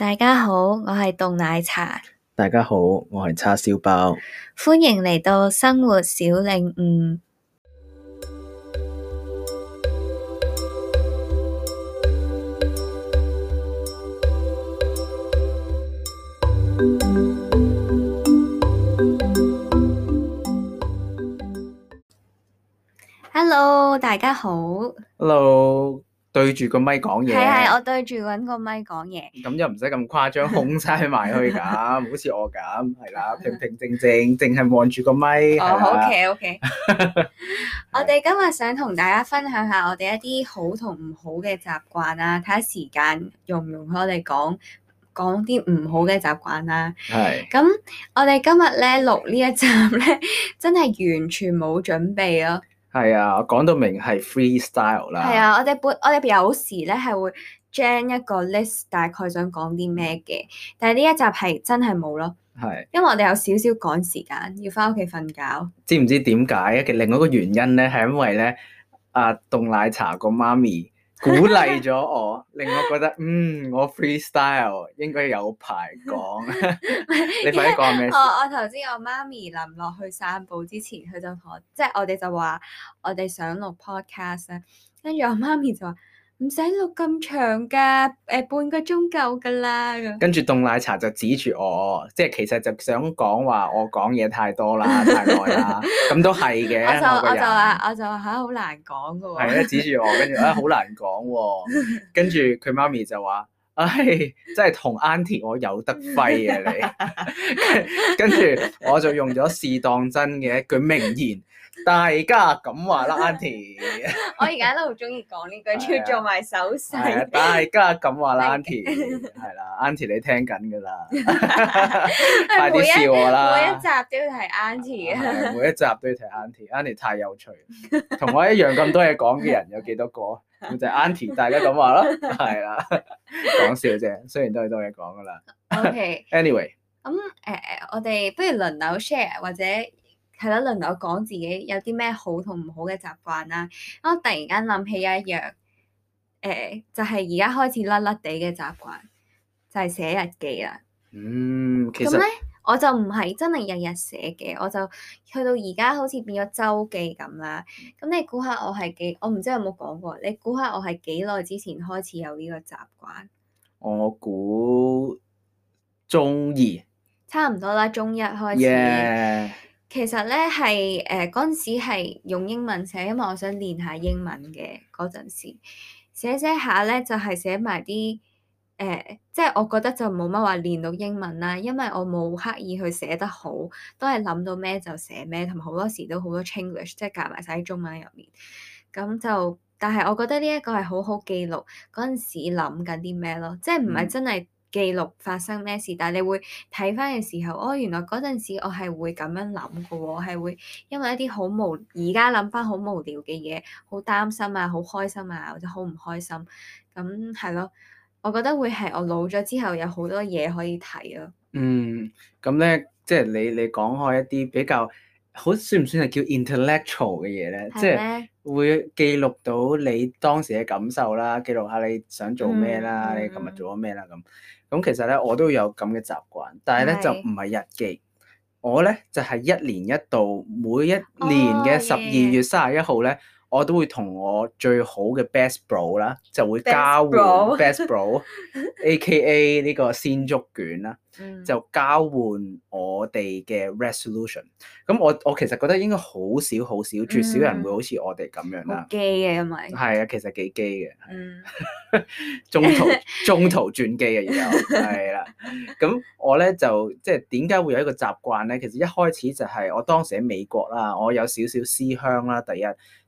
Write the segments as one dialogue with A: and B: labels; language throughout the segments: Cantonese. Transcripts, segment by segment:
A: 大家好，我係凍奶茶。
B: 大家好，我係叉燒包。
A: 歡迎嚟到生活小領悟。 Hello，大家好。
B: Hello。對住個咪講嘢，係係，我
A: 對住搵個咪講嘢。
B: 咁又唔使咁誇張，控晒埋去咁，好似我咁，係啦，平平靜靜，淨係望住個咪。哦，OK
A: OK。我哋今日想同大家分享下我哋一啲好同唔好嘅習慣啊，睇下時間容唔容許我哋講講啲唔好嘅習慣啦。係。咁我哋今日咧錄呢一集咧，真係完全冇準備囉！
B: 係啊，講到明係 freestyle 啦。係啊，
A: 我哋本我哋有時咧，係會將一個 list 大概想講啲咩嘅，但係呢一集係真係冇咯。係是因為我哋有少少趕時間，要翻屋企瞓覺。
B: 知唔知點解嘅另外一個原因咧？係因為咧，阿、啊、凍奶茶個媽咪。 鼓勵咗我，令我覺得 嗯，我 freestyle 應該有排講。
A: 是 你快啲講咩？我我頭先我媽咪臨落去散步之前，佢就同我即係我哋就話我哋想錄 podcast 咧，跟住我媽咪就話。唔使錄咁長噶，誒、呃、半個鐘夠噶啦。
B: 跟住凍奶茶就指住我，即係其實就想講話我講嘢太多啦，太耐啦，咁 都係嘅 我個人。我就我就話
A: 我就話吓好難講噶。係 咧指住我，跟住啊好難
B: 講喎、哦。跟住佢媽咪就話，唉、哎，真係同 Auntie 我有得揮啊你。 跟住我就用咗事當真嘅一句名言。大家咁話啦，Aunty！
A: 我而家都好中意講呢句，仲要做埋手勢。
B: 大家咁話啦，Aunty，係啦，Aunty 你聽緊噶啦，
A: 快啲笑我啦！每一集都要睇 Aunty 啊，每
B: 一集都要睇 Aunty，Aunty 太有趣，同我一樣咁多嘢講嘅人有幾多個？咁就係 Aunty，大家咁話囉，係啦，講笑啫，雖然都係多嘢講噶啦。
A: Okay，anyway，咁誒，我哋不如輪流 share 或者～係啦，輪到我講自己有啲咩好同唔好嘅習慣啦。我突然間諗起一樣，誒、欸，就係而家開始甩甩地嘅習慣，就係、是、寫日記啦。嗯，
B: 咁咧
A: 我就唔係真係日日寫嘅，我就去到而家好似變咗週記咁啦。咁你估下我係幾？我唔知有冇講過。你估下我係幾耐之前開始有呢個習慣？
B: 我估中二，
A: 差唔多啦，中一開始。Yeah. 其實咧係，誒，嗰陣時係用英文寫，因為我想練下英文嘅，嗰陣時寫寫下咧，就係寫埋啲誒，即係我覺得就冇乜話練到英文啦，因為我冇刻意去寫得好，都係諗到咩就寫咩，同埋好多時都好多 Chinglish，即係夾埋晒啲中文入面。咁就但係我覺得呢一個係好好記錄嗰陣時諗緊啲咩咯，即係唔係真係。嗯記錄發生咩事，但係你會睇翻嘅時候，哦，原來嗰陣時我係會咁樣諗嘅喎，係會因為一啲好無而家諗翻好無聊嘅嘢，好擔心啊，好開心啊，或者好唔開心，咁係咯，我覺得會係我老咗之後有好多嘢可以睇咯。嗯，
B: 咁咧，即係你你講開一啲比較。好算唔算係叫 intellectual 嘅嘢咧？嗎即係會記錄到你當時嘅感受啦，記錄下你想做咩啦，啊，嗯嗯、你今日做咗咩啦咁。咁其實咧，我都有咁嘅習慣，但係咧是就唔係日記。我咧就係、是、一年一度，每一年嘅十二月卅一號咧，oh, yeah. 我都會同我最好嘅 best bro 啦，就會交換 best bro，A.K.A Best bro, 呢個鮮竹卷啦。就交換我哋嘅 resolution。咁我我其實覺得應該好少好少，絕少人會好似我哋咁樣啦。
A: Gay 嘅
B: 咪係啊，其實幾 gay 嘅。Mm. 中途 中途轉機嘅、啊、嘢，係啦。咁 我咧就即係點解會有一個習慣咧？其實一開始就係、是、我當時喺美國啦，我有少少思鄉啦。第一，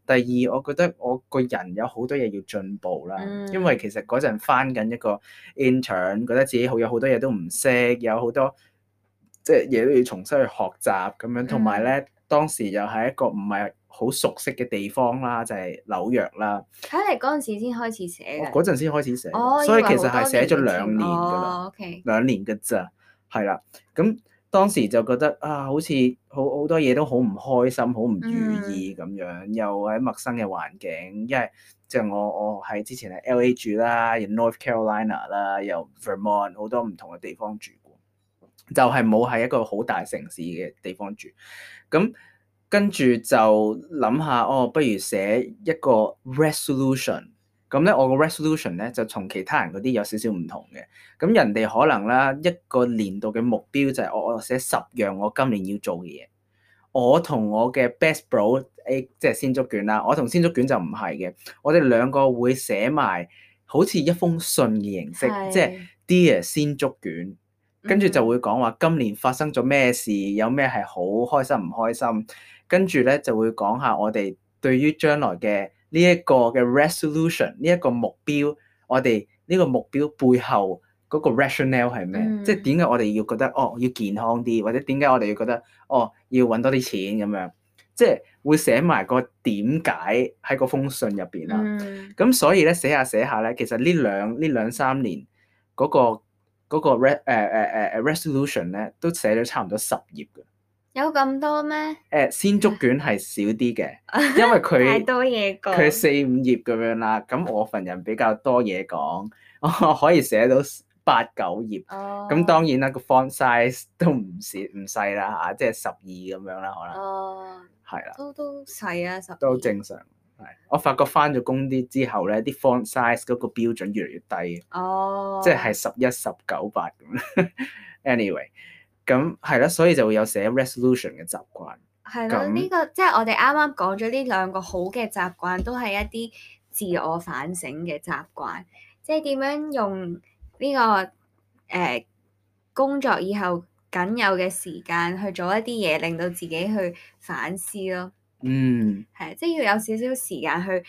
B: 第二，我覺得我個人有好多嘢要進步啦。Mm. 因為其實嗰陣返緊一個 intern，覺得自己好有好多嘢都唔識。有好多即係嘢都要重新去學習咁樣，同埋呢當時又係一個唔係好熟悉嘅地方啦，就係、是、紐約啦。
A: 睇嚟嗰陣時先開始寫嘅，嗰
B: 陣先開始寫，哦、所以其實係寫咗兩年㗎喇，哦
A: okay.
B: 兩年㗎咋係啦。咁當時就覺得啊，好似好好多嘢都好唔開心，好唔如意咁樣，嗯、又喺陌生嘅環境，因為即係我我喺之前喺 L.A. 住啦，又 North Carolina 啦，又 Vermont，好多唔同嘅地方住。就係冇喺一個好大城市嘅地方住，咁跟住就諗下哦，不如寫一個 resolution。咁咧，我個 resolution 咧就同其他人嗰啲有少少唔同嘅。咁人哋可能啦，一個年度嘅目標就係我我寫十樣我今年要做嘅嘢。我同我嘅 best bro 即係鮮竹卷啦。我同鮮竹卷就唔係嘅。我哋兩個會寫埋好似一封信嘅形式，是即係 Dear 鮮竹卷。跟住就會講話今年發生咗咩事，有咩係好開心唔開心？跟住咧就會講下我哋對於將來嘅呢一個嘅 resolution，呢一個目標，我哋呢個目標背後嗰個 rationale 係咩？即係點解我哋要覺得哦要健康啲，或者點解我哋要覺得哦要揾多啲錢咁樣？即係會寫埋個點解喺個封信入邊啦。咁，嗯，所以咧寫下寫下咧，其實呢兩呢兩三年嗰個。嗰個 res 誒誒誒 resolution 咧，都寫咗差唔多十頁嘅。
A: 有咁多咩？
B: 誒，先竹卷係少啲嘅， 因為佢 太
A: 多嘢講，佢
B: 四五頁咁樣啦。咁我份人比較多嘢講，我可以寫到八九頁。哦，咁當然啦，個 font size 都唔小唔細啦嚇，即係十二咁樣啦，可能哦，係啦的，
A: 都都細啊十都
B: 正常。我發覺翻咗工啲之後咧，啲 font size 嗰個標準越嚟越低
A: ，oh. 即係十
B: 一、十九、八咁。Anyway，咁係啦，所以就會有寫 resolution 嘅習慣。
A: 係咯的，呢那、這個即係我哋啱啱講咗呢兩個好嘅習慣，都係一啲自我反省嘅習慣，即係點樣用呢、這個誒、呃、工作以後僅有嘅時間去做一啲嘢，令到自己去反思咯。嗯，係，即係要有少少時間去誒、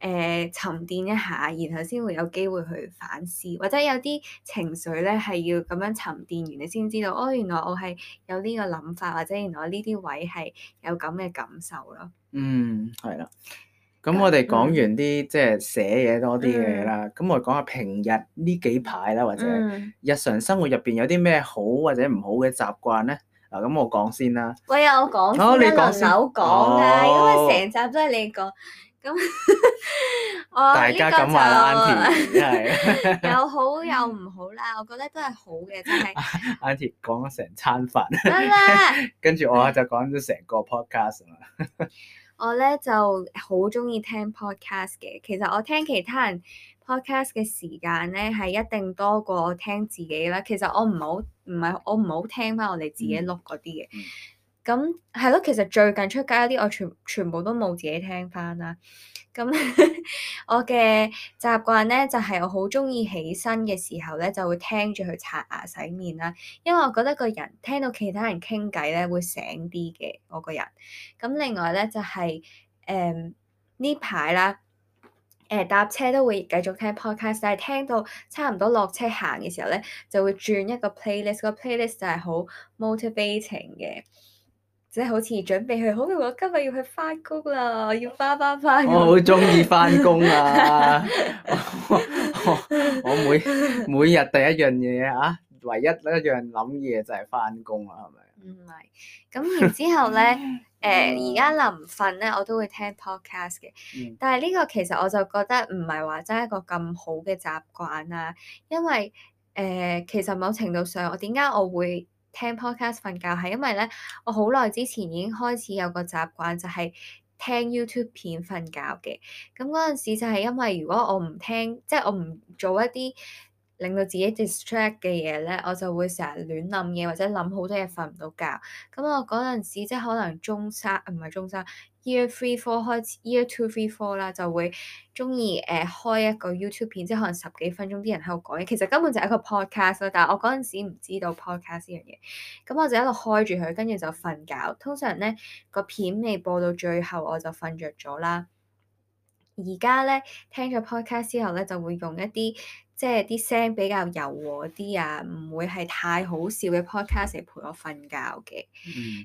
A: 呃、沉澱一下，然後先會有機會去反思，或者有啲情緒咧係要咁樣沉澱完，你先知道哦，原來我係有呢個諗法，或者原來呢啲位係有咁嘅感受咯。嗯，係啦。
B: 咁我哋講完啲、嗯、即係寫嘢多啲嘢啦，咁、嗯、我哋講下平日呢幾排啦，或者日常生活入邊有啲咩好或者唔好嘅習慣咧？咁我講先啦，
A: 喂啊、嗯！我講先，輪流講啊，因為成集都係你講，咁 我 大家咁話，阿 T 真係有好有唔好啦， 我覺得都係好嘅，
B: 就係阿 T 講咗成餐飯， 跟住我就講咗成個 podcast 啊。
A: 我咧就好中意聽 podcast 嘅，其實我聽其他人 podcast 嘅時間咧係一定多過我聽自己啦。其實我唔好，唔係我唔好聽翻我哋自己錄嗰啲嘅。咁係咯，其實最近出街啲我全全部都冇自己聽翻啦。.咁 我嘅習慣咧，就係、是、我好中意起身嘅時候咧，就會聽住佢刷牙洗面啦。因為我覺得個人聽到其他人傾偈咧，會醒啲嘅我個人。咁另外咧，就係誒呢排啦，誒、呃、搭車都會繼續聽 podcast，但係聽到差唔多落車行嘅時候咧，就會轉一個 playlist，個 playlist 就係好 motivating 嘅。即係好似準備去好，好我今日要去翻工啦，要翻翻翻。我好中意翻工啊 我
B: 我！我每每日第一樣嘢嚇，唯一一樣諗嘢就係翻工啦，係咪？唔
A: 係，咁然之後咧，誒而家臨瞓咧，我都會聽 podcast 嘅。嗯、但係呢個其實我就覺得唔係話真係一個咁好嘅習慣啊，因為誒、呃、其實某程度上我點解我會聽 podcast 瞓覺係因為咧，我好耐之前已經開始有個習慣就，就係聽 YouTube 片瞓覺嘅。咁嗰陣時就係因為如果我唔聽，即係我唔做一啲令到自己 distract 嘅嘢咧，我就會成日亂諗嘢或者諗好多嘢瞓唔到覺。咁我嗰陣時即係可能中三，唔係中三。Year three four 開始，year two three four 啦，就會中意誒開一個 YouTube 片，即係可能十幾分鐘，啲人喺度講嘢，其實根本就係一個 podcast，但係我嗰陣時唔知道 podcast 呢樣嘢，咁、嗯、我就一路開住佢，跟住就瞓覺。通常呢個片未播到最後，我就瞓着咗啦。而家呢，聽咗 podcast 之後呢，就會用一啲即係啲聲比較柔和啲啊，唔會係太好笑嘅 podcast 嚟陪我瞓覺嘅。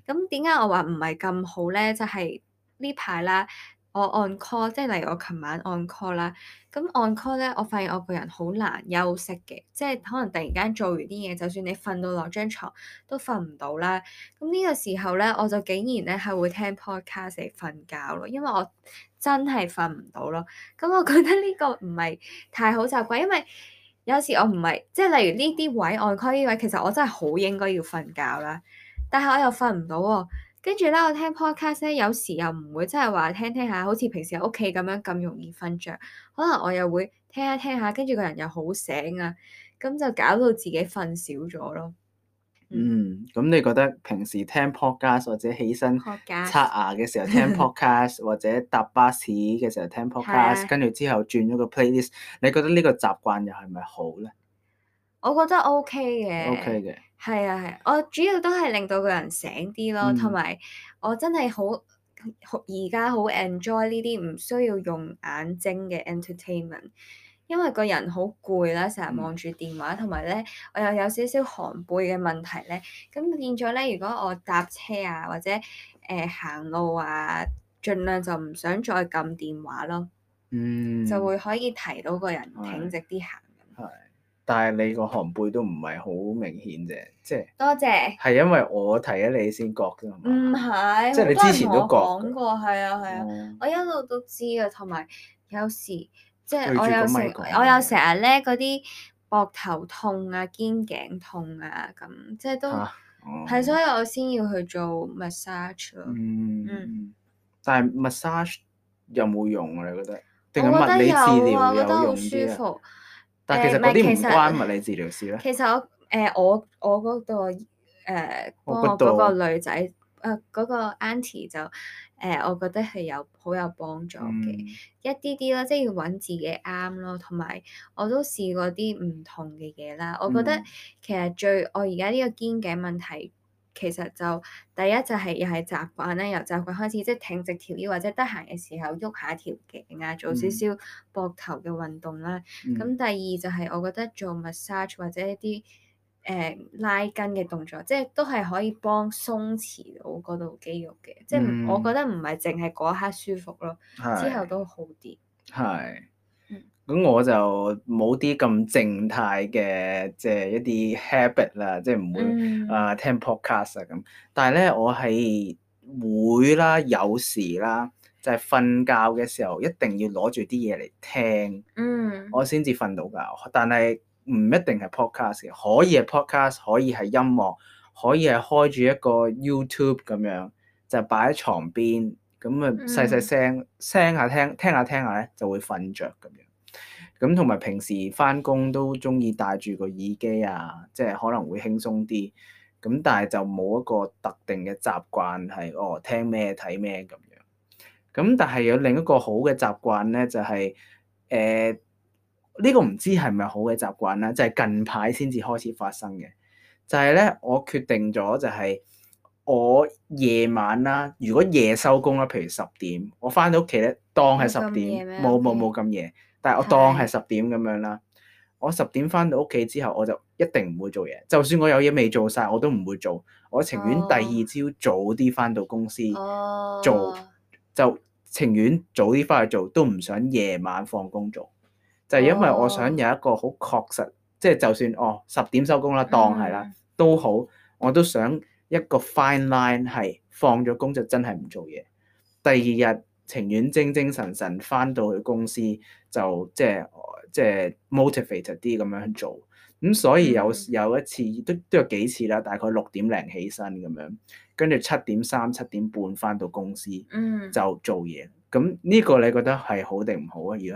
A: 咁點解我話唔係咁好呢？就係、是。呢排啦，我 on call，即係例如我琴晚 on call 啦，咁 on call 咧，我發現我個人好難休息嘅，即係可能突然間做完啲嘢，就算你瞓到落張床都瞓唔到啦。咁呢個時候咧，我就竟然咧係會聽 podcast 嚟瞓覺咯，因為我真係瞓唔到咯。咁我覺得呢個唔係太好習慣，因為有時我唔係即係例如呢啲位 on call 呢位，其實我真係好應該要瞓覺啦，但係我又瞓唔到喎。跟住咧，我聽 podcast 咧，有時又唔會真係話聽聽下，好似平時喺屋企咁樣咁容易瞓着。可能我又會聽一聽下，跟住個人又好醒啊，咁就搞到自己瞓少咗咯。嗯，
B: 咁、嗯、你覺得平時聽 podcast 或者起身刷牙嘅時候聽 podcast， 或者搭巴士嘅時候聽 podcast，跟住的之後轉咗個 playlist，你覺得呢個習慣又係咪好咧？
A: 我覺得 OK 嘅。OK 嘅。係啊，係、啊，我主要都係令到個人醒啲咯，同埋、嗯、我真係好而家好 enjoy 呢啲唔需要用眼睛嘅 entertainment，因為個人好攰啦，成日望住電話，同埋咧我又有少少寒背嘅問題咧，咁變咗咧，如果我搭車啊或者誒、呃、行路啊，盡量就唔想再撳電話咯，嗯，
B: 就會
A: 可以提到個人挺直啲行。嗯。
B: 但係你個寒背都唔係好明顯嘅，即係
A: 多謝係
B: 因為我睇咗你先覺嘅，
A: 唔係即係你之前都講過，係啊係啊，我一路都知啊。同埋有時即係我有我有成日咧嗰啲膊頭痛啊、肩頸痛啊咁，即係都係，所以我先要去做 massage 咯。嗯，
B: 但係 massage 有冇用啊？你覺得？定係物理治療？我覺得有啊，覺得好舒服。其唔係，其
A: 實關其實物理治療師啦。其實我誒、呃、我我嗰度誒我嗰個女仔誒嗰個 auntie 就誒、呃，我覺得係有好有幫助嘅、嗯、一啲啲啦，即、就、係、是、要揾自己啱咯，同埋我都試過啲唔同嘅嘢啦。我覺得其實最我而家呢個肩頸問題。其實就第一就係又係習慣啦。由習慣開始，即係挺直條腰，或者得閒嘅時候喐下條頸啊，做少少膊頭嘅運動啦。咁、嗯、第二就係我覺得做 massage 或者一啲誒、呃、拉筋嘅動作，即係都係可以幫鬆弛到嗰度肌肉嘅。即係、嗯、我覺得唔係淨係嗰一刻舒服咯，是之後都好啲。
B: 係。咁我就冇啲咁靜態嘅，即係一啲 habit 啦，即係唔會啊聽 podcast 啊咁。嗯、但係咧，我係會啦，有時啦，就係瞓覺嘅時候一定要攞住啲嘢嚟聽，嗯、我先至瞓到㗎。但係唔一定係 podcast 嘅，可以係 podcast，可以係音樂，可以係開住一個 YouTube 咁樣，就擺喺床邊，咁啊細細聲、嗯、聲下聽，聽下聽下咧就會瞓着咁樣。咁同埋平時翻工都中意戴住個耳機啊，即係可能會輕鬆啲。咁但係就冇一個特定嘅習慣係哦聽咩睇咩咁樣。咁但係有另一個好嘅習慣咧，就係誒呢個唔知係唔係好嘅習慣啦，就係近排先至開始發生嘅，就係咧我決定咗就係我夜晚啦，如果夜收工啦，譬如十點，我翻到屋企咧當係十點，冇冇冇咁夜。但係我當係十點咁樣啦。我十點翻到屋企之後，我就一定唔會做嘢。就算我有嘢未做晒，我都唔會做。我情願第二朝早啲翻到公司做，就情願早啲翻去做，都唔想夜晚放工做。就係因為我想有一個好確實，即係就算哦十點收工啦，當係啦都好，我都想一個 fine line 係放咗工就真係唔做嘢。第二日情願精精神神翻到去公司。就即係即係 motivate 啲咁樣做，咁所以有、嗯、有一次都都有幾次啦，大概六點零起身咁樣，跟住七點三七點半翻到公司，嗯、就做嘢。咁呢個你覺得係好定唔好啊？如果係，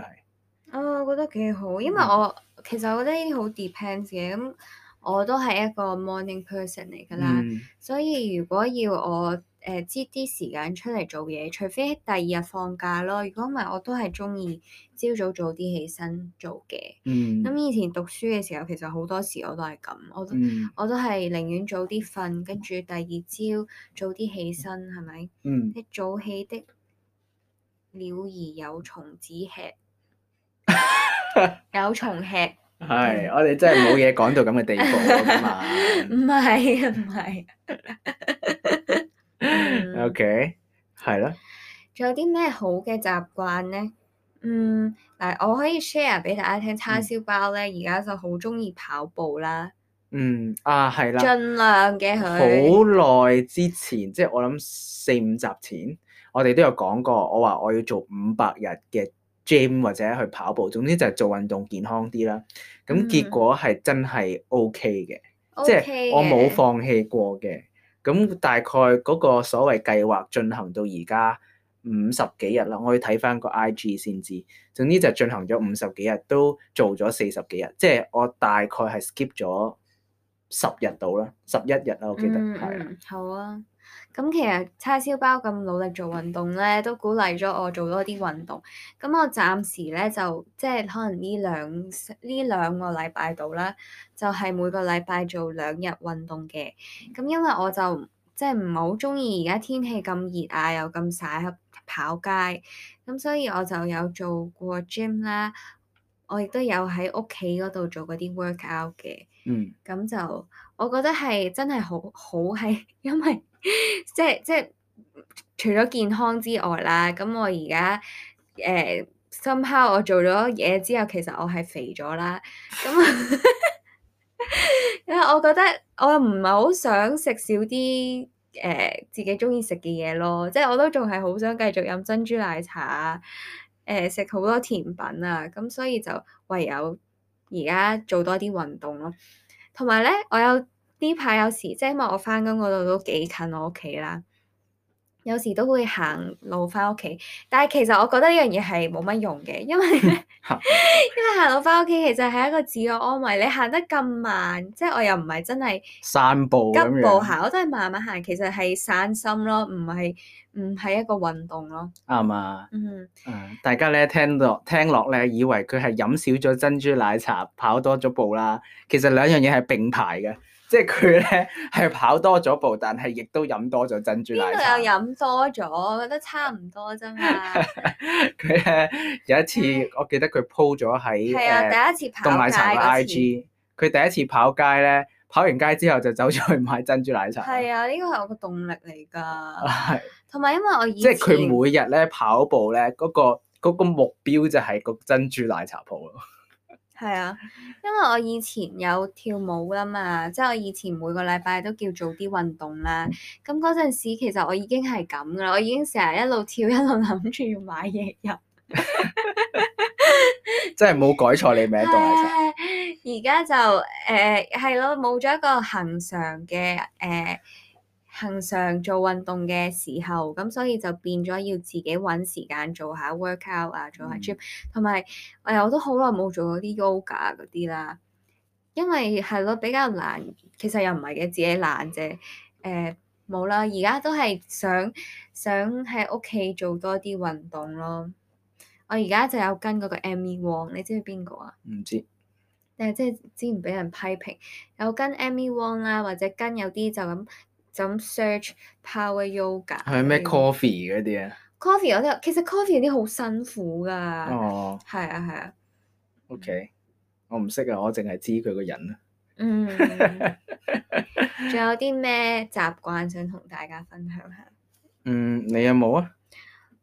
B: 啊、哦，
A: 我覺得幾好，因為我其實我覺得呢啲好 depends 嘅，咁我都係一個 morning person 嚟㗎啦，嗯、所以如果要我。誒擠啲時間出嚟做嘢，除非第二日放假咯。如果唔係，我都係中意朝早早啲起身做嘅。嗯，咁以前讀書嘅時候，其實好多時我都係咁，我都、嗯、我都係寧願早啲瞓，跟住第二朝早啲起身，係咪？嗯，一早起的鳥兒有蟲子吃， 有蟲吃。係， 我哋真係冇嘢
B: 講到咁嘅地步。
A: 唔係，唔係。
B: O K，係啦，仲、嗯
A: okay, 有啲咩好嘅習慣咧？嗯，嗱，我可以 share 俾大家聽。叉燒包咧，而家就好中意跑步啦。
B: 嗯，啊，係啦，盡
A: 量嘅好
B: 耐之前，即、就、係、是、我諗四五集前，我哋都有講過，我話我要做五百日嘅 gym 或者去跑步，總之就係做運動健康啲啦。咁結果係真係 OK 嘅，即係我冇放棄過嘅。咁大概嗰個所謂計劃進行到而家五十幾日啦，我要睇翻個 IG 先知。總之就進行咗五十幾日，都做咗四十幾日，即係我大概係 skip 咗十日到啦，十一日啦，我記得係啦、嗯嗯。
A: 好啊。咁其實叉燒包咁努力做運動咧，都鼓勵咗我做多啲運動。咁我暫時咧就即係可能呢兩呢兩個禮拜度啦，就係每個禮拜做兩日運動嘅。咁因為我就即係唔係好中意而家天氣咁熱啊，又咁曬啊，跑街，咁所以我就有做過 gym 啦，我亦都有喺屋企嗰度做嗰啲 workout 嘅。嗯、mm.，咁就我覺得係真係好好係因為。即係即係，除咗健康之外啦，咁我而家誒，深、呃、刻我做咗嘢之後，其實我係肥咗啦。咁、嗯、 因為我覺得我唔係好想食少啲誒、呃，自己中意食嘅嘢咯。即係我都仲係好想繼續飲珍珠奶茶，誒食好多甜品啊。咁、嗯、所以就唯有而家做多啲運動咯。同埋咧，我有。呢排有時即係因為我翻工嗰度都幾近我屋企啦，有時都會行路翻屋企。但係其實我覺得呢樣嘢係冇乜用嘅，因為 因為行路翻屋企其實係一個自我安慰。你行得咁慢，即係我又唔係真係
B: 散步，急步行，
A: 我都係慢慢行。其實係散心咯，唔係唔係一個運動咯。啱啊，嗯、啊，
B: 大家咧聽到聽落咧，以為佢係飲少咗珍珠奶茶，跑多咗步啦。其實兩樣嘢係並排嘅。即係佢咧係跑多咗步，但係亦都飲多咗珍珠奶茶。邊度又
A: 飲多咗？我覺得差唔多啫嘛。
B: 佢咧 有一次，我記得佢 po 咗喺誒。係啊，第一次跑街 IG，次。凍奶茶 IG，佢第一次跑街咧，跑完街之後就走咗去買珍珠奶茶。
A: 係啊，呢個係我個動力嚟㗎。係。同埋因為我以即係佢每
B: 日咧跑步咧，嗰、嗰個嗰個目標就係個珍珠奶茶鋪咯。
A: 係啊，因為我以前有跳舞噶嘛，即係我以前每個禮拜都叫做啲運動啦。咁嗰陣時其實我已經係咁啦，我已經成日一路跳一路諗住要買嘢飲，
B: 即係冇改錯你名動。
A: 而家、啊、就誒係咯，冇、呃、咗一個恒常嘅誒。呃平常做運動嘅時候，咁所以就變咗要自己揾時間做下 workout 啊，做下 gym。同埋誒，我都好耐冇做嗰啲 yoga 嗰啲啦，因為係咯比較難，其實又唔係嘅，自己懶啫。誒冇啦，而家都係想想喺屋企做多啲運動咯。我而家就有跟嗰個 Amy Wong，你知唔知邊個啊？唔知但係，即係、啊就是、之前俾人批評，有跟 Amy Wong 啦，啊，或者跟有啲就咁。咁 search power yoga 係
B: 咩 coffee 嗰啲啊
A: coffee 我其實 coffee 嗰啲好辛苦噶，哦，係啊係啊。
B: OK，我唔識啊，okay. 我淨係知佢個人啊。
A: 嗯，仲 有啲咩習慣想同大家分享下？嗯，
B: 你有冇
A: 啊？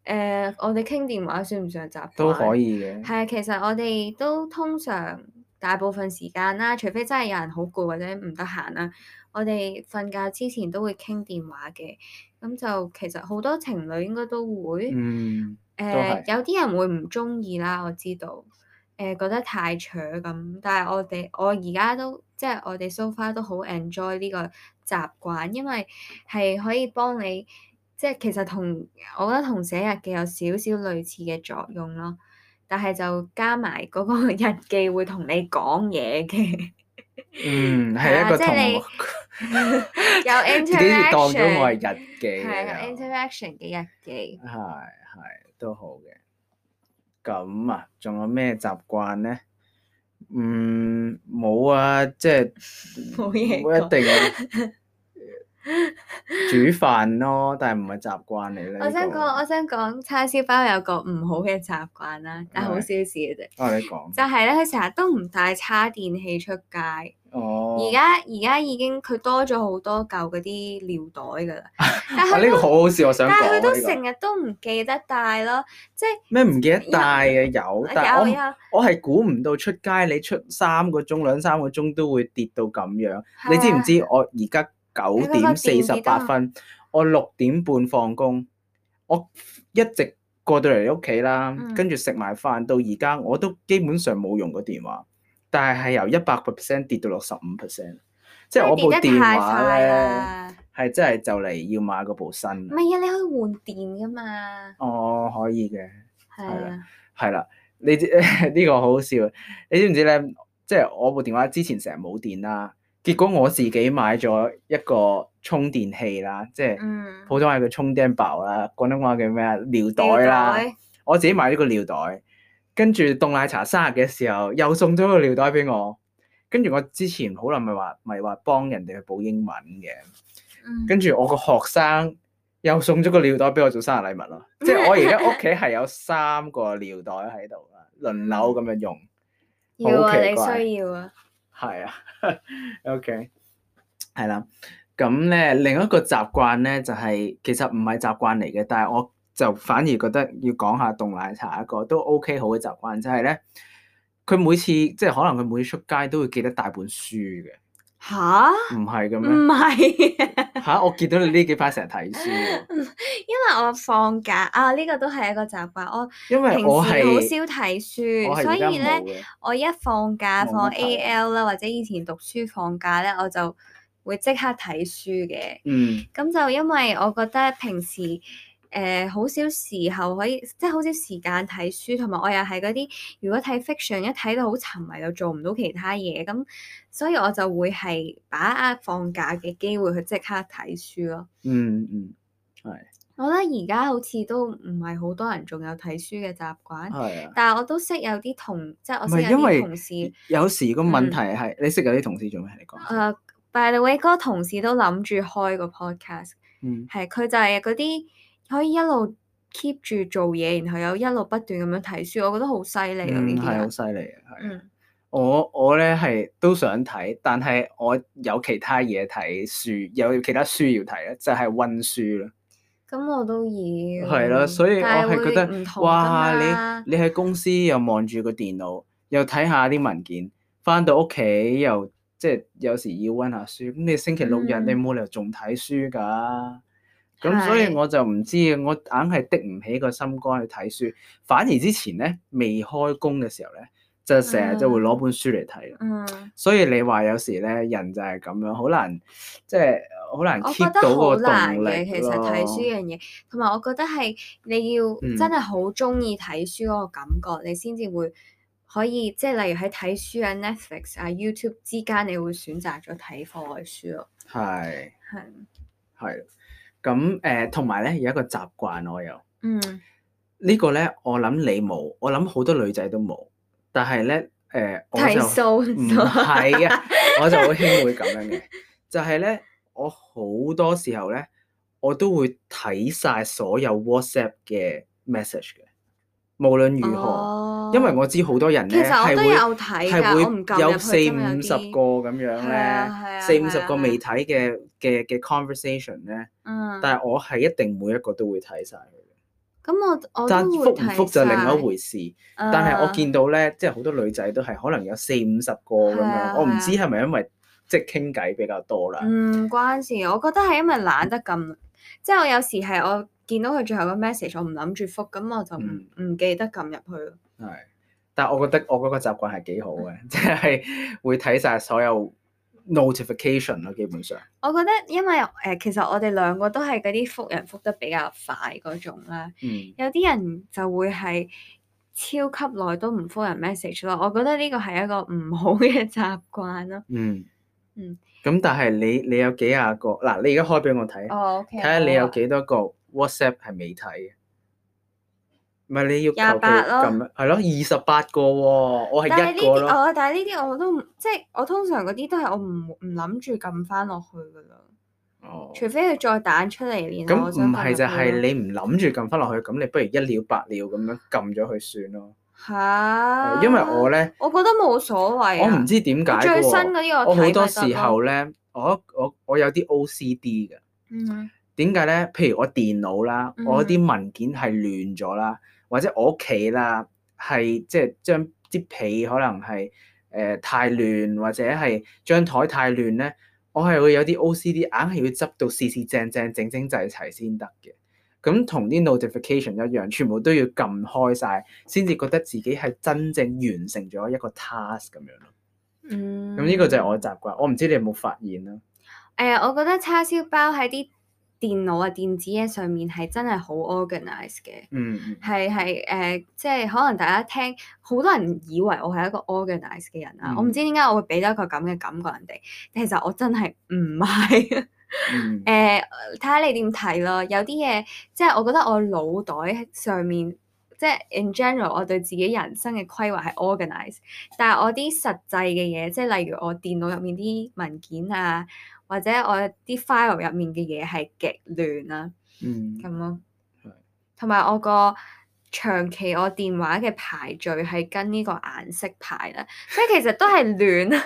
A: 誒、呃，我哋傾電話算唔算習慣？都可以嘅。係啊，其實我哋都通常。大部分時間啦，除非真係有人好攰或者唔得閒啦，我哋瞓覺之前都會傾電話嘅，咁就其實好多情侶應該都會，誒，有啲人會唔中意啦，我知道，誒、呃、覺得太吵咁，但係我哋我而家都即係我哋 so far 都好 enjoy 呢個習慣，因為係可以幫你，即係其實同我覺得同寫日記有少少類似嘅作用咯。但係就加埋嗰個日記會同你講嘢嘅，嗯，係一個同學，有 interaction，你自己當咗我係日記，係啊，interaction 嘅日記，
B: 係係都好嘅。咁啊，仲有咩習慣咧？嗯，冇啊，即係
A: 冇嘢講，冇一定。
B: 煮飯咯，但係唔係習慣嚟咧。我想講，
A: 我想講叉燒包有個唔好嘅習慣啦，但係好小事嘅啫。
B: 啊，你講。就
A: 係咧，佢成日都唔帶叉電器出街。哦。
B: 而家
A: 而家已經佢多咗好多舊嗰啲尿袋噶。啊，呢個好好
B: 笑，我想講。但係佢都成
A: 日都唔記得帶咯，即係。咩唔記得帶嘅
B: 有？有有。我係估唔到出街，你出三個鐘、兩三個鐘都會跌到咁樣。你知唔知我而家？九點四十八分，嗯、我六點半放工，嗯、我一直過到嚟你屋企啦，跟住食埋飯到而家，我都基本上冇用過電話，但係係由一百個 percent 跌到六十五 percent，
A: 即係我部電話咧
B: 係真係就嚟要買嗰部新。唔
A: 係啊，你可以換電噶嘛。
B: 哦，可以嘅，係啦、啊，係啦，你知呢 個好好笑，你知唔知咧？即、就、係、是、我部電話之前成日冇電啦。結果我自己買咗一個充電器啦，即係普通話叫充電寶啦，廣東話叫咩啊？尿袋啦，袋我自己買咗個尿袋，跟住凍奶茶生日嘅時候又送咗個尿袋俾我，跟住我之前好耐咪話咪話幫人哋去補英文嘅，跟住我個學生又送咗個尿袋俾我做生日禮物咯，嗯、即係我而家屋企係有三個尿袋喺度啊，嗯、輪流咁樣用，
A: 好奇怪，有啊，你需要啊。
B: 係啊 ，OK，係啦，咁咧另一個習慣咧就係，其實唔係習慣嚟嘅，但係我就反而覺得要講下凍奶茶一個都 OK 好嘅習慣，就係咧，佢每次即係可能佢每次出街都會記得帶本書嘅。
A: 吓？
B: 唔係嘅咩？唔係。嚇是！ 我見到你呢幾排成日睇書
A: 喎。因為我放假啊，呢、呢個都係一個習慣。我平時好少睇書，所以咧，我，我一放假放 AL 啦，或者以前讀書放假咧，我就會即刻睇書嘅。嗯。咁就因為我覺得平時。誒好、呃、少時候可以，即係好少時間睇書，同埋我又係嗰啲，如果睇 fiction 一睇到好沉迷，又做唔到其他嘢，咁所以我就會係把握放假嘅機會去即刻睇書咯、嗯。嗯嗯，係。我覺得而家好似都唔係好多人仲有睇書嘅習慣，係的但係我都識有啲同，即係我識有啲同事。
B: 有時個問題係、嗯、你識有啲同事做咩？你
A: 講。誒、uh，by t h 個同事都諗住開個 podcast，係佢、嗯、就係嗰啲。可以一路 keep 住做嘢，然後有一路不斷咁樣睇書，我覺得好犀利啊！呢啲係好
B: 犀利啊！我我咧係都想睇，但係我有其他嘢睇書，有其他書要睇咧，就係溫書啦。
A: 咁我都要係咯，所以我係覺得，哇！你你
B: 喺公司又望住個電腦，又睇下啲文件，翻到屋企又即係有時要溫下書。咁你星期六日你冇理由仲睇書噶。嗯咁所以我就唔知，我硬係的唔起個心肝去睇書。反而之前咧未開工嘅時候咧，就成日就會攞本書嚟睇。嗯，所以你話有時咧，人就係咁樣，好難即係好難 keep 到個動力。其實睇書呢
A: 樣嘢，同埋我覺得係你要真係好中意睇書嗰個感覺，嗯、你先至會可以即係、就是、例如喺睇書喺 Netflix 啊 YouTube 之間，你會選擇咗睇課外書咯。
B: 係係係。是咁誒，同埋咧有一個習慣，我有。
A: 嗯，個
B: 呢個咧我諗你冇，我諗好多女仔都冇，但係咧誒，我就唔係嘅，我就好興會咁樣嘅，就係咧我好多時候咧我都會睇晒所有 WhatsApp 嘅 message 嘅。無論如何，因為我知好多人咧係會，會有四五十個咁樣咧，
A: 四五十
B: 個未睇嘅嘅嘅 conversation 咧，con 呢嗯、但係我係一定每一個都會睇晒佢。
A: 咁、嗯、我我都會睇晒。復唔復就另一回
B: 事。嗯、但係我見到咧，即係好多女仔都係可能有四五十個咁樣，我唔知係咪因為即係傾偈比較多啦。
A: 唔、嗯、關事，我覺得係因為懶得撳。即、就、係、是、我有時係我。見到佢最後個 message，我唔諗住覆，咁我就唔唔、嗯、記得撳入去咯。係，
B: 但係我覺得我嗰個習慣係幾好嘅，即係 會睇晒所有 notification 咯。基本上，
A: 我覺得因為誒、呃，其實我哋兩個都係嗰啲覆人覆得比較快嗰種啦。嗯、有啲人就會係超級耐都唔覆人 message 咯。我覺得呢個係一個唔好嘅習慣咯。嗯，嗯。
B: 咁但係你你有幾廿個嗱？你而家開俾我睇，睇下、哦
A: okay，你有
B: 幾多個。WhatsApp 係未睇嘅，唔係你要求佢撳啊，係咯了，二十八個喎、哦，我係一個咯、哦。但係呢啲，我
A: 但係呢啲我都唔，即係我通常嗰啲都係我唔唔諗住撳翻落去㗎啦。哦，除非佢再彈出嚟，連、嗯、我。咁唔係就係
B: 你唔諗住撳翻落去，咁你不如一了百了咁樣撳咗佢算咯。
A: 吓哈？因
B: 為我咧，
A: 我覺得冇所謂、啊。我唔
B: 知點解最新嗰啲我好多時候咧，我我我我有啲 OCD 嘅。嗯。點解咧？譬如我電腦啦，我啲文件係亂咗啦，嗯、或者我屋企啦，係即係將啲被可能係誒、呃、太亂，或者係張台太亂咧，我係會有啲 OCD，硬係要執到四四正正整整齊齊先得嘅。咁同啲 notification 一樣，全部都要撳開晒，先至覺得自己係真正完成咗一個 task 咁樣咯。嗯。
A: 咁呢個就係
B: 我嘅習慣，我唔知你有冇發現咯。
A: 誒、哎、我覺得叉燒包喺啲～電腦啊，電子嘢上面係真係好 organized 嘅，係係誒，即係可能大家聽，好多人以為我係一個 organized 嘅人啊。嗯、我唔知點解我會俾到一個咁嘅感覺人哋，其實我真係唔係。誒、嗯，睇下、 呃、你點睇咯。有啲嘢即係我覺得我腦袋上面，即係 in general，我對自己人生嘅規劃係 organized，但係我啲實際嘅嘢，即係例如我電腦入面啲文件啊。或者我啲 file 入面嘅嘢係極亂啦、啊，咁咯、嗯，同埋、啊、我個長期我電話嘅排序係跟呢個顏色排啦、啊，即係其實都係亂啊。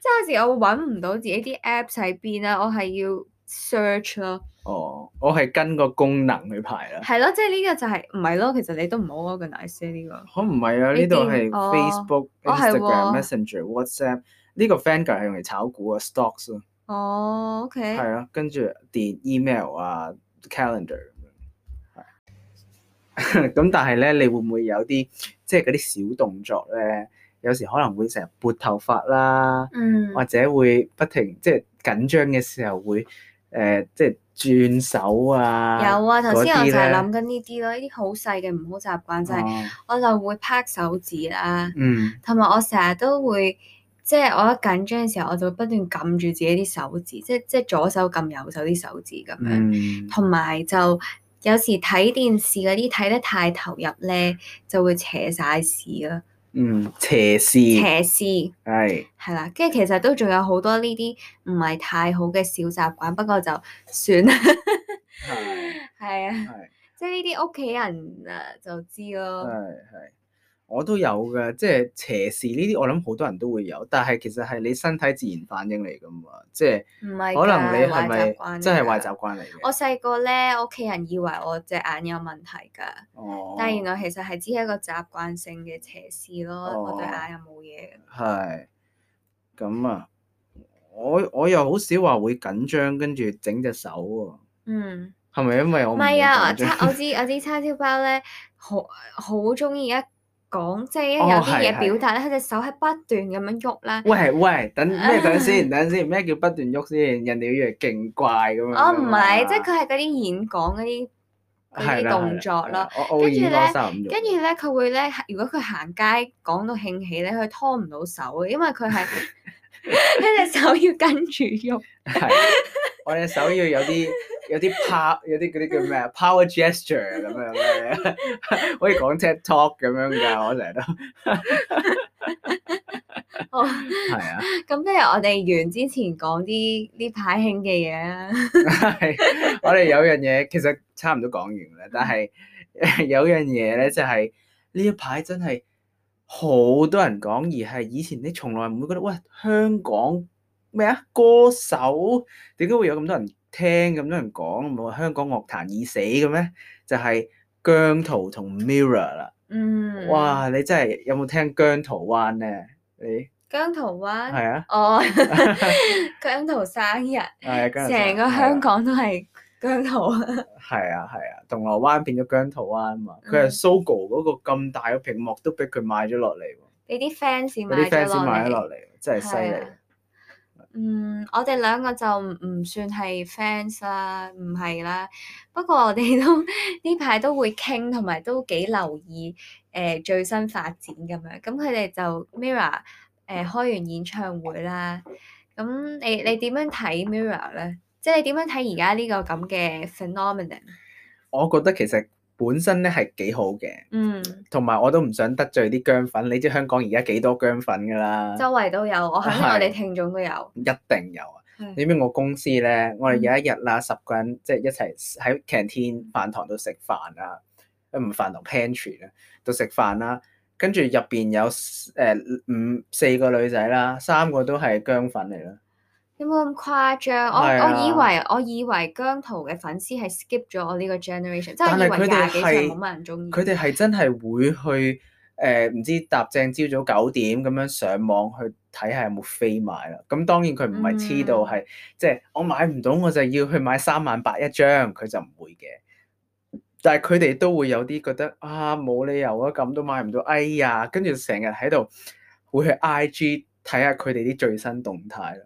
A: 即係有時我揾唔到自己啲 apps 喺邊啦、啊，我係要 search 咯。哦，
B: 我係跟個功能去排啦、啊。係
A: 咯，即係呢個就係唔係咯？其實你都唔好 organize 呢、啊呢個。
B: 可唔係啊？呢度係 Facebook、Instagram、Messenger WhatsApp 呢個 friend 係用嚟炒股啊，stocks 啊。St
A: 哦、oh，OK。係
B: 啊，跟住電 email 啊，calendar 咁樣，係。咁但係咧，你會唔會有啲即係嗰啲小動作咧？有時可能會成日撥頭髮啦，嗯，或者會不停即係、就是、緊張嘅時候會誒，即、呃、係、就是、轉手啊。有啊，頭先我就係諗緊
A: 呢啲咯，呢啲好細嘅唔好習慣就係、是、我就會拍手指啦、啊，嗯，同埋我成日都會。即係我一緊張嘅時候，我就不斷撳住自己啲手指，即係即係左手撳右手啲手指咁樣，同埋、嗯、就有時睇電視嗰啲睇得太投入咧，就會扯晒屎咯。
B: 嗯，扯屎。扯屎士。係。
A: 係啦，跟住其實都仲有好多呢啲唔係太好嘅小習慣，不過就算啦。係。係啊。係。即係呢啲屋企人啊，就，是、就知咯。係係。我都有
B: 嘅，即係斜視呢啲，我諗好多人都會有，但係其實係你身體自然反應嚟噶嘛，即係唔係，可能你係咪真係壞習慣嚟？
A: 我細個咧，我屋企人以為我隻眼有問題噶，哦、但係原來其實係只係一個習慣性嘅斜視咯，哦、我對眼又冇
B: 嘢。係，咁啊，我我又好少話會緊張，跟住整隻手喎、啊。嗯。係咪因為我？唔係啊，我我,我知
A: 我知叉燒包咧，好好中意一。講即係有啲嘢表達咧，佢隻、哦、手係不斷咁樣喐啦。喂
B: 喂，等咩等先？唉等先咩叫不斷喐先？人哋以為勁怪咁樣。哦，唔係，啊、即係佢
A: 係嗰啲演講嗰啲嗰啲動作咯。跟住咧，跟住咧，佢會咧，如果佢行街講到興起咧，佢拖唔到手嘅，因為佢係。佢隻手要跟住喐，
B: 我隻手要有啲有啲 pow 有啲啲叫咩 power gesture 咁樣咧，可以講 TikTok 咁樣㗎， 我成日常都，哦、 oh,
A: 的，係啊，咁不如我哋完之前講啲呢排興嘅嘢啦。
B: 我哋有樣嘢其實差唔多講完啦，但係有樣嘢咧就係呢一排真係。好多人講，而係以前你從來唔會覺得，喂，香港咩啊歌手點解會有咁多人聽，咁多人講，唔係香港樂壇已死嘅咩？就係、是、姜圖姜濤同 Mirror 啦。
A: 嗯，哇！
B: 你真係有冇聽姜濤灣呢？你
A: 姜濤灣係啊，姜濤生日，成個香港都係。姜
B: 濤 啊，係啊係啊，銅鑼灣變咗姜濤灣啊嘛，佢係 Sogo 嗰個咁大個屏幕都俾佢買咗落嚟，
A: 你啲 fans 買咗落嚟，
B: 啊、真係犀利。嗯，
A: 我哋兩個就唔算係 fans 啦，唔係啦，不過我哋都呢排都會傾，同埋都幾留意誒、呃、最新發展咁樣。咁佢哋就 Mirror、呃、誒開完演唱會啦。咁你你點樣睇 Mirror 咧？即係你點樣睇而家呢個咁嘅 phenomenon？
B: 我覺得其實本身咧係幾好嘅，嗯，同埋我都唔想得罪啲姜粉。你知香港而家幾多姜粉㗎啦？周
A: 圍都有，我肯定我哋聽眾都有，
B: 一定有啊！係嘅，你知唔知我公司咧，我哋有一日啦，十、嗯、個人即係、即係、一齊喺 canteen 飯堂度食飯啦，唔、嗯、飯堂 pantry 啦，pantry，度食飯啦，跟住入邊有誒五四個女仔啦，三個都係姜粉嚟啦。
A: 有冇咁誇張？我我以為、啊、我以為姜濤嘅粉絲係 skip 咗我呢個 generation，即係佢哋廿幾歲，好唔多人中意佢哋係
B: 真係會去誒唔、呃、知搭正朝早九點咁樣上網去睇下有冇飛買啦。咁當然佢唔係黐到係即係我買唔到我就要去買三萬八一張，佢就唔會嘅。但係佢哋都會有啲覺得啊，冇理由啊咁都買唔到哎呀，跟住成日喺度會去 IG 睇下佢哋啲最新動態。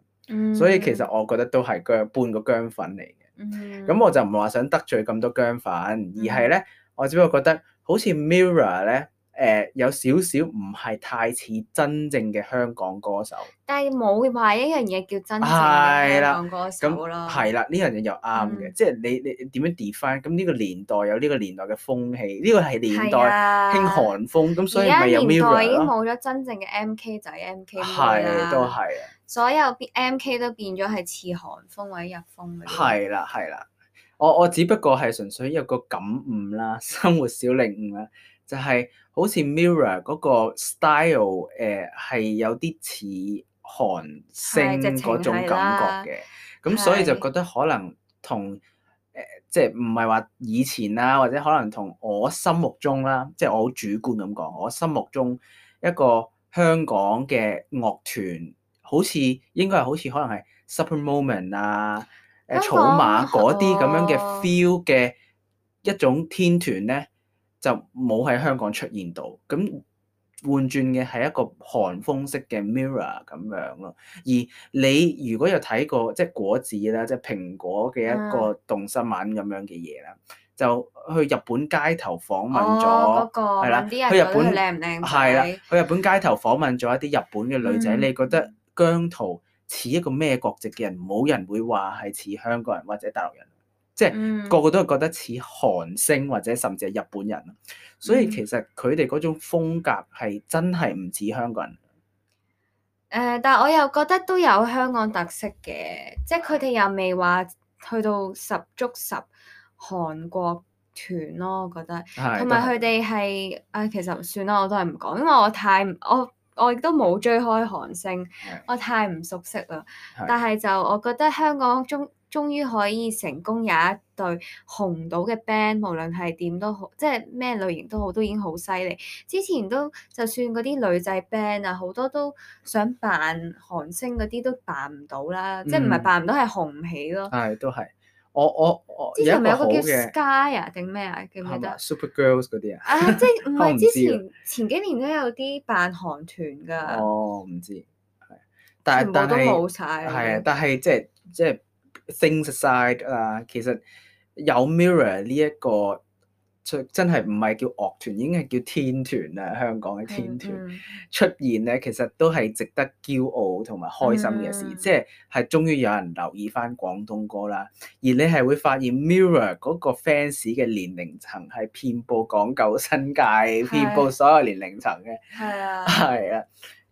B: 所以其實我覺得都係姜半個姜粉嚟嘅，咁、mm hmm. 我就唔話想得罪咁多姜粉，mm hmm. 而係咧，我只不過覺得好似 Mirror 咧，誒、呃、有少少唔係太似真正嘅香港歌手。
A: 但係冇話一樣嘢叫真正嘅香港歌手咯。係啦，
B: 呢樣嘢又啱嘅，嗯、即係你你點樣 define？咁呢個年代有呢個年代嘅風氣，呢個係年代興韓風，咁所以咪有 Mirror。而家年代已經冇
A: 咗真正嘅 MK 仔、MK 妹啦。係，都係。所有 B.M.K 都變咗係似韓風或者日風嘅。係
B: 啦，係啦。我我只不過係純粹有個感悟啦，生活小領悟啦，就係、是、好似 Mirror 嗰個 style，誒、呃、係有啲似韓星嗰種感覺嘅。咁所以就覺得可能同誒、呃、即係唔係話以前啦，或者可能同我心目中啦，即、就、係、是、我好主觀咁講，我心目中一個香港嘅樂團。好似應該係好似可能係 Supper Moment 啊，
A: 誒香港，草蜢嗰啲咁樣嘅
B: feel 嘅一種天團咧，就冇喺香港出現到。咁換轉嘅係一個韓風式嘅 Mirror 咁樣咯。而你如果有睇過即係果子啦，即係蘋果嘅一個動新聞咁樣嘅嘢啦，嗯、就去日本街頭訪問咗，係、哦那個、啦，去日本靚
A: 唔靚女？係啦，
B: 去日本街頭訪問咗一啲日本嘅女仔，嗯、你覺得？姜濤似一個咩國籍嘅人？冇人會話係似香港人或者大陸人，即係、嗯、個個都係覺得似韓星或者甚至係日本人。所以其實佢哋嗰種風格係真係唔似香港人。
A: 誒、嗯，但係我又覺得都有香港特色嘅，即係佢哋又未話去到十足十韓國團咯。我覺得同埋佢哋係，誒、哎，其實算啦，我都係唔講，因為我太我。我亦都冇追開韓星，的我太唔熟悉啦。的但係就我覺得香港終終於可以成功有一隊紅到嘅 band，無論係點都好，即係咩類型都好，都已經好犀利。之前都就算嗰啲女仔 band 啊，好多都想扮韓星嗰啲都扮唔到啦，嗯、即係唔係扮唔到係紅唔起咯。
B: 係、嗯、都係。我我我之前咪有個叫
A: Sky 啊定咩啊記唔記得
B: ？Super Girls 嗰啲啊， 啊，即係唔係
A: 之前 前幾年都有啲扮韓團噶。哦，唔
B: 知，係，但係但係冇晒係啊，但係即係即 things aside 啊！其實有 Mirror 呢一個。真係唔係叫樂團，已經係叫天團啦！香港嘅天團出現咧，其實都係值得驕傲同埋開心嘅事，即係係終於有人留意翻廣東歌啦。而你係會發現 Mirror 嗰個 fans 嘅年齡層係遍佈港九新界，遍佈所有年齡層嘅。係啊。係啊。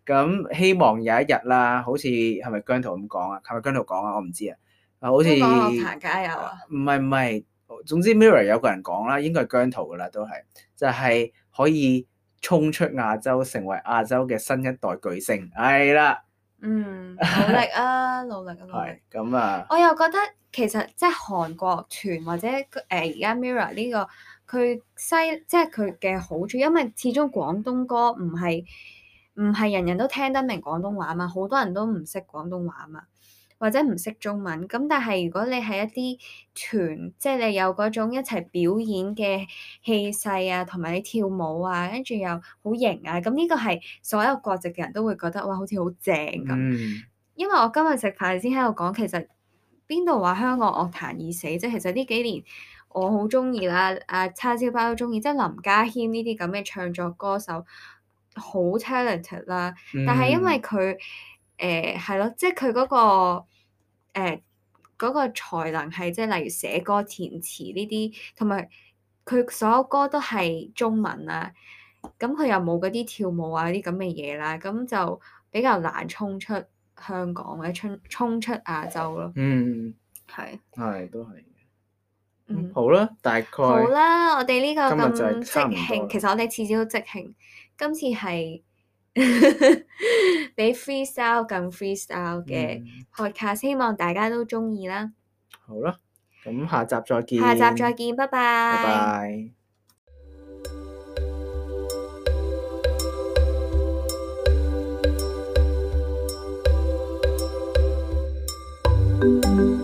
B: 咁希望有一日啦，好似係咪姜濤咁講啊？係咪姜濤講啊？我唔知啊。好似。行街有啊。唔係唔係。總之，Mirror 有個人講啦，應該係姜濤噶啦，都係就係、是、可以衝出亞洲，成為亞洲嘅新一代巨星。係啦，嗯，
A: 努力，啊、 努力啊，努力啊，係咁啊。我又覺得其實即係韓國團或者誒而家 Mirror 呢、這個佢西，即係佢嘅好處，因為始終廣東歌唔係唔係人人都聽得明廣東話嘛，好多人都唔識廣東話嘛。或者唔識中文咁，但係如果你係一啲團，即係你有嗰種一齊表演嘅氣勢啊，同埋你跳舞啊，跟住又好型啊，咁呢個係所有國籍嘅人都會覺得，哇，好似好正咁。嗯、因為我今日食飯先喺度講，其實邊度話香港樂壇已死？即係其實呢幾年我好中意啦，啊叉燒包都中意，即係林家謙呢啲咁嘅唱作歌手好 talented 啦，但係因為佢。嗯誒係咯，即係佢嗰個誒、欸嗰個、才能係即係例如寫歌填詞呢啲，同埋佢所有歌都係中文啦、啊。咁佢又冇嗰啲跳舞啊嗰啲咁嘅嘢啦，咁、啊、就比較難衝出香港或者衝衝出亞洲咯。嗯，係
B: 係都係。的嗯、好啦，大概好啦。
A: 我哋呢個咁即興，其實我哋次次都即興，今次係。比 freestyle 更 freestyle 嘅 Podcast，希望大家都鍾意啦。
B: 好啦，咁下集再見。下集再
A: 見，拜拜。拜拜。